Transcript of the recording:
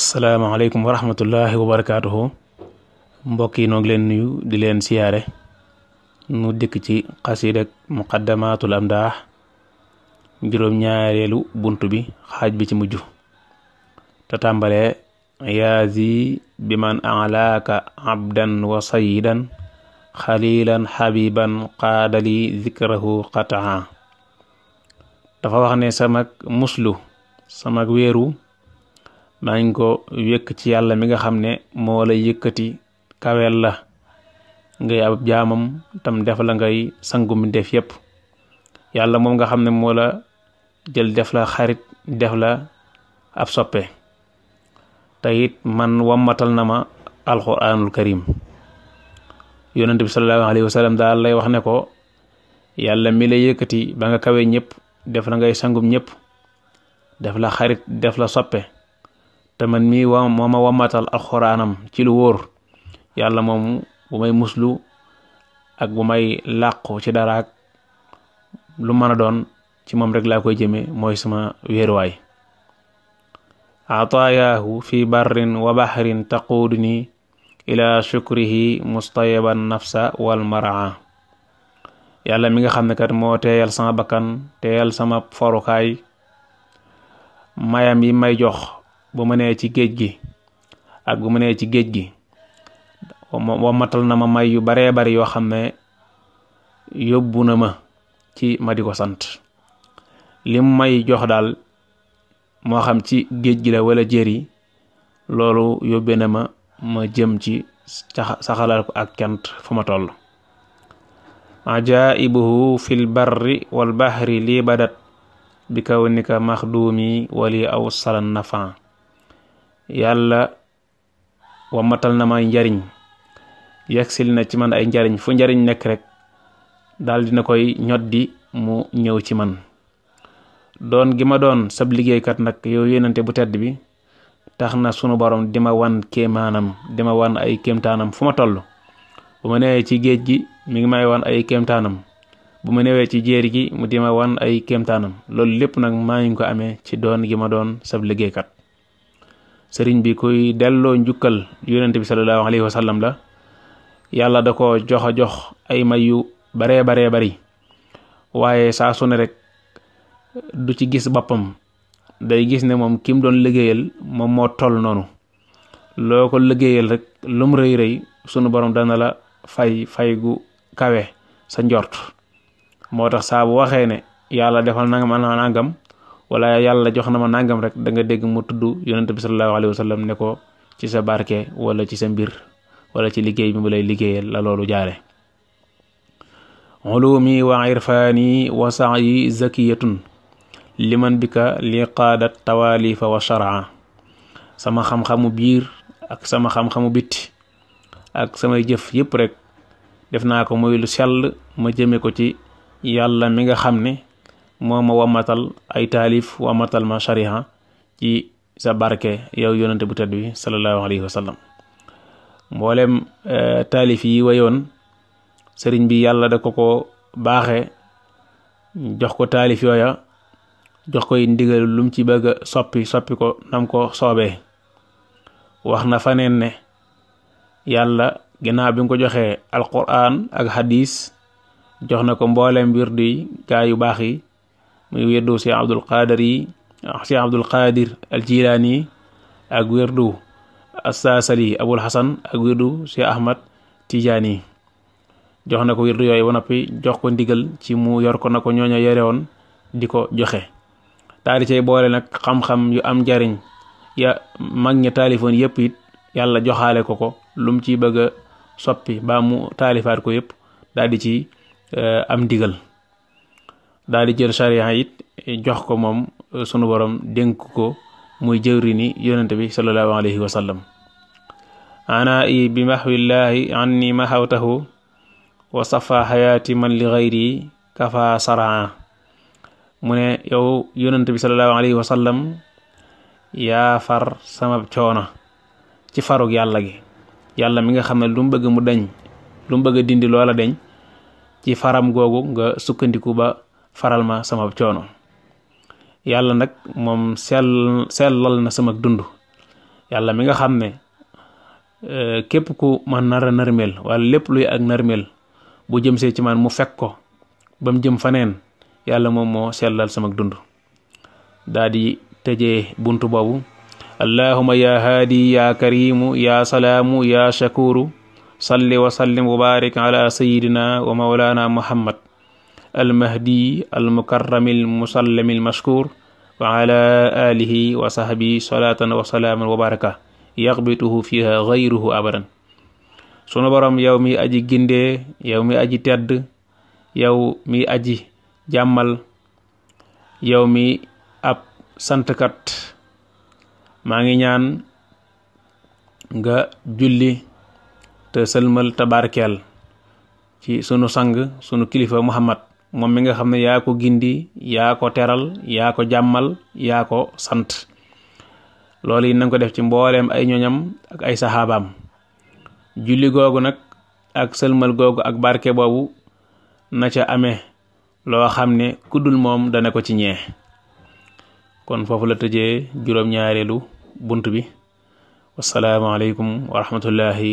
asalaamaaleykum wa rahmatullahi wa barakaatuhu mbokk yi noo ngi leen nuyu di leen siyaare nu dikk ci xasiida muqaddamatul amdaax juróom-ñaareelu bunt bi xaaj bi ci mujj te tàmbalee yaazi biman alaaka abdan wa sayidan xalilan xabiban qaadali zikrahu qataa dafa wax ne samak muslu samak weeru maa ngi ko wékk ci yàlla mi nga xam ne moo la yëkkati kawel la ngay ab jaamam tam def la ngay sangum def yépp yàlla moom nga xam ne moola jël def la xarit def la ab soppe te it man wammatal na ma alquranul karim yonent bi sallallahu alayhi wa sallam daal lay wax ne ko yàlla mi la yëkkati ba nga kawee ñëpp def la ngay sangum ñëpp def la xarit def la soppe te man mii wa moo alxuraanam ci lu wóor yàlla moomu bu may muslu ak bu may làqu ci daraak lu mën a doon ci moom rek laa koy jëme mooy suma weeruwaay aataayaahu fi barrin wa bahrin taquduni ila shukrihi mustayaban nafsa wal maraa yàlla mi nga xam ne kat moo teeyal sama bakkan teeyal sama forukaay mayam yi may jox bu ma nee ci géej gi ak bu ma nee ci géej gi wamatal na ma may yu baree bari yoo xam ne yóbbu na ma ci ma di ko sant lim may jox daal moo xam ci géej gi la wala jër yi loolu yóbbee na ma ma jëm ci saxalal ko ak kent fu ma toll ajaibuhu fil barri wal bahri lii badat bi kaw nika maxduumi wali aw salan nafan yàlla wamatal na may njariñ yegsil na ci man ay njariñ fu njariñ nekk rekk daal dina koy ñoddi mu ñëw ci man doon gi ma doon sab liggéeykat nag yow yónnante bu tedd bi tax na sunu borom di ma wan kemaanam di ma wan ay kéemtaanam fu ma toll bu ma newee ci géej gi mi ngi may wan ay kéemtaanam bu ma newee ci jéer gi mu di ma wan ay kéemtaanam loolu lépp nag maa ngi ko amee ci doon gi ma doon sab liggéeykat sëriñ bi kuy delloo njukkal yónnante bi sallallahu alayhi wa sallam la yàlla da ko jox a jox ay may yu baree baree bari waaye saa su ne du ci gis boppam day gis ne moom ki mu doon liggéeyal moom moo toll noonu loo ko liggéeyal rek lu mu rëy sunu borom dana la fay fay gu kawe sa njort moo tax saa bu waxee ne yàlla defal na ma nangam wala yàlla jox na ma nangam rek danga dégg mu tudd yonent bi sallallahu alayhi wa ne ko ci sa barke wala ci sa mbir walla ci liggéey bi mu lay liggéeyal la loolu jaare ulumi wa irfaani wa saayi zakiyatun liman bi ka li qaadat tawaalifa wa sharaa sama xam-xamu biir ak sama xam-xamu bitti ak samay jëf yépp rek def naa ko muy lu sell ma jëme ko ci yàlla mi nga xam ne moo ma wamatal ay taalif wamatal ma shariha ci sa barke yow yonante bu tedd bi sallallahu alayhi wa sallam mboolem eh, taalif yi wayoon sëriñ bi yàlla da ko ko baaxe jox ko taalif jox koy ndigal lum ci bëgg soppi soppi ko nam ko soobee wax na faneen ne yàlla ginnaaw bi nga ko joxee alquran ak xadiis jox na ko mboolem wirdu gaa yu baax yi muy wirdu si abdul qadir yi si al jilaani yi ak wirdu assaasali abul hasan ak wirdu si ahmad tijaani yi jox na ko wirdu yooyu ba noppi jox ko ndigal ci mu yorko ko na ko ñooña yore di ko joxe daal di cay boole nag xam-xam yu am njariñ ya mag ña taalifoon yëpp it yàlla joxaale ko ko lu mu ciy bëgg a soppi ba mu taalifaat ko yëpp daal di ci eh, am ndigal daal di jël sariya it jox ko moom eh, sunu borom dénk ko muy jëwri ni yonente bi sallallahu alayhi wa sallam ana i bi maxwillahi an ni maxawtahu wa safa xayaati man li xayri kafa saraa mu ne yow yonent bi sallallahu alayhi wa sallam yaa far sama coono ci farug yàlla gi yàlla mi nga xam ne lu mu bëgg mu dañ lu mu bëgg a dindi loola deñ ci faram googu nga sukkandiku ba faral ma sama coono yàlla nag moom sell lal na sama dund yàlla mi nga xam ne euh, képp ku ma nar a narmeel wala lépp luy ak narmeel bu jëm see ci man mu fekk ko ba mu jëm faneen yàlla moom moo sellal sama dund daa di tëjee bunt boobu allahuma ya haadi ya karimu ya salaamu ya shakuru salli wa sallim wa barik wa maulana muhammad almahdi almukarrami almusallami almashkur wa ala wa sahbi salatan wa salaaman wa fiha gayruhu abadan sunu borom yow mi aji gindee yow mi aji tedd jàmmal yow mi ab santkat maa ngi ñaan nga julli te sëlmal tabarkeel ci sunu sang sunu kilifa muhammad moom mi nga xam ne yaa ko gindi yaa ko teral yaa ko jàmmal yaa ko sant loolu yi nañ ko def ci mbooleem ay ñoñam ak ay saxaabaam julli googu nag ak sëlmal googu ak barke boobu na ca amee loo xam ne kuddul moom dana ko ci ñee kon foofu la tëjee juróom-ñaareelu bunt bi wasalaamaaleykum wa rahmatullahi